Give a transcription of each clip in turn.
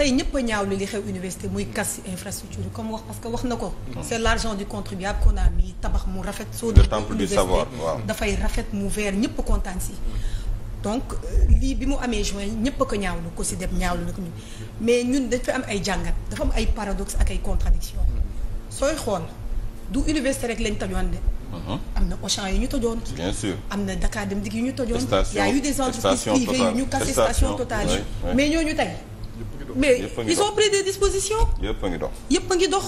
tey ñëpp a ñaaw li li xew université muy casse infrastructure comme wax parce que wax na ko mm-hmm. c'est l'argent du contribuable qu'on a mis rafet soo de temple du savoir rafet mu vert ñëpp kontaan si mm-hmm. donc euh, lii bi mu amee juin ñëpp a ko ñaawlu ko si dem ñaawlu na ko ñun mais ñun dañ fa ay jàngat dafa am ay paradoxe ak ay contradiction mm-hmm. sooy xool du université rek lañ tajoon de am na Auchan yu ñu tojoon bien sûr am na Dakar Dem Dikk yu ñu tojoon y des entreprises privées yu ñu cassé station Total mais ñooñu tey mais ils ont pris des yëpp a ngi dox yëpp a ngi dox.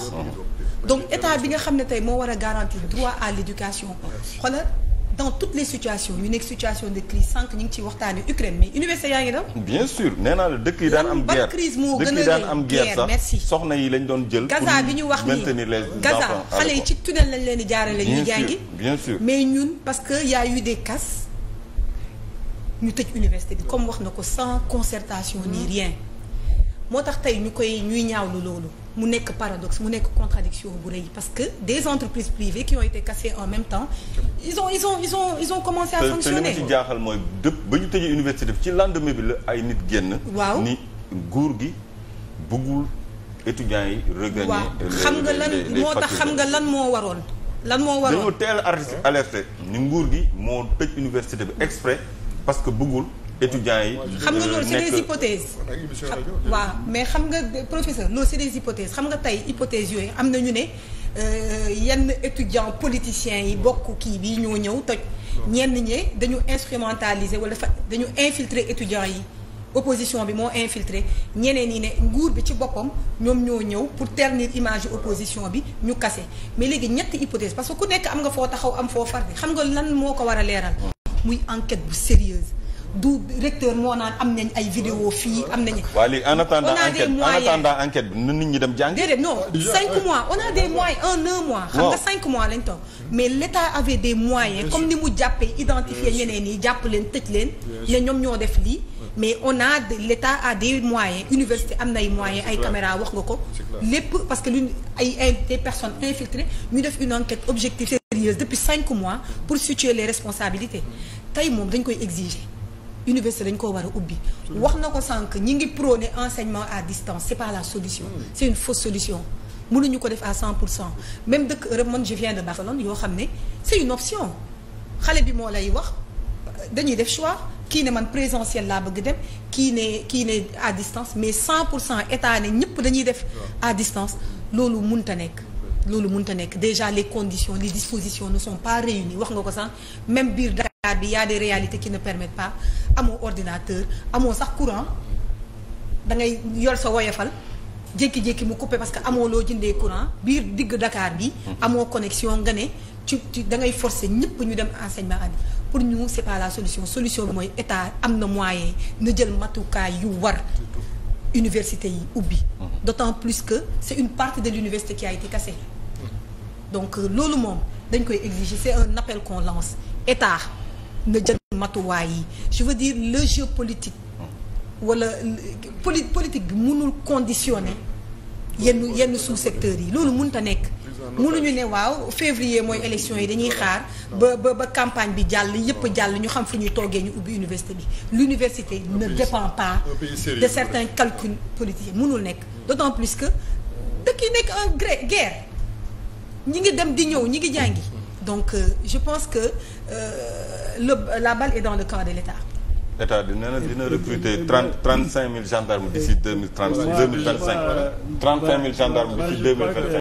donc état bi nga xam ne tey moo war a garantir droit à l'éducation xoolal dans toutes les situations ñu nekk situation de crise sànq ñu ngi ciy waxtaanee Ukraine mais université yaa ngi daw. bien sûr nee naa dëkk yi daan am. guerre crise moo gën a dëkk yi am guerre sax soxna yi lañ doon jël. Gaza bi ñu wax nii Gaza xale yi ci tunnel lañ leen di jaarale. ñu jàngi bien sûr mais ñun parce que yaa a eu des casses ñu tëj université bi comme wax na ko sans concertation ni hmm. moo tax tey ñu koy ñuy ñaawlu loolu mu nekk paradoxe mu nekk contradiction bu rëy parce que des entreprises privées qui ont été cassées en même temps ils ont ils ont ils ont ils ont commencé à fonctionner ci jaaxal mooy dëpp ba ñu tëjee université bi ci lendemain bi la ay nit génn waaw ni nguur gi bëggul étudiants yi regagner waaw xam nga lan moo xam nga lan moo waroon lan moo waroon dañoo teel alerté ni nguur gi moo tëj université bi exprès parce que buggul étudiants yi. xam nga loolu c'est des hypothèses. mais xam nga professeur loolu c'est des hypothèses xam nga tey hypothèses yooyu am na ñu ne euh, yenn étudiants politiciens yi bokk kii bii ñoo ñëw toj. ñenn ñi dañu instrumentaliser wala fa dañu infiltrer étudiants yi. opposition bi moo infiltré ñeneen ñi ne nguur bi ci boppam ñoom ñoo ñëw pour ternir image opposition bi ñu kase mais léegi ñetti hypothèse parce que ku nekk am nga foo taxaw am foo far farde xam nga lan moo ko war a leeral muy enquête bu sérieuse du recteur moo naan am nañ ay vidéo fii am nañ waa léegi en attendant enquête en enquête bi na nit ñi dem jàng. déedéet non cinq mois on a des moyens un un mois. cinq mois lañ toog mais l' état avait des moyens. comme ni mu jàppee identifier ñeneen yi jàpp leen tëj leen. ñoom ñoo def lii. mais on a de état a des moyens université am nay moyens ay caméra wax nga ko. lépp parce que lu ay ay des personnes infiltrées ñu def une enquête objective sérieuse depuis cinq mois pour situer les responsabilités tey moom dañ koy exiger. université dañ koo war a ubbi. wax na ko sànq ñi ngi prôné enseignement à distance c'est pas la solution. Mm. c'est une fausse solution. mënuñu ko def à 100 pour cent même dëkk Europe man je de Barcelone yoo xam ne c'est une option xale bi moo lay wax dañuy def choix kii ne man présentiel laa bëgg dem kii ne kii ne à distance mais cent pour cent état ne ñëpp dañuy def. à distance loolu mënta nekk. loolu mënta nekk déjà les conditions les dispositions ne sont pas réunies wax nga ko sànq même biir. bi y a des réalités qui ne permettent pas amoo ordinateur amoo sax courant da ngay yor sa woyofal jékki-jékki mu coupé parce que amoo loo jëndee courant biir digg dakaar bi mm-hmm. amoo connexion nga ne ci ci da ngay forcer ñëpp ñu dem enseignement abi pour ñu c'est pas la solution solution bi mooy état am na moyen na jël matukaay yu war université yi ubbi mm-hmm. d'autant plus que c'est une partie de l'université qui a été cassée mm-hmm. donc euh, loolu moom dañ koy exiger c'est un appel qu'on lance état na jël matuwaay yi je veux dire le jeu politique wala poli politique bi mënul conditionner yenn yenn sous secteurs yi loolu mënut a nekk. mënuñu ne waaw février mooy élection yi dañuy xaar ba ba ba campagne bi jàll yépp jàll ñu xam fu ñuy toogee ñu ubbi université bi l'université ne dépend pas de certains calculs politiques mënul nekk d'autant plus que dëkk yi nekk en guerre ñi ngi dem di ñëw ñi ngi jàngi donc euh, je pense que euh, le la balle est dans le camp de l'État. état dina na dina recruter trente trente cinq mille gendarmes d'ici deux mille trente deux mille vingt cinq trente cinq mille gendarmes d'ici deux mille vingt cinq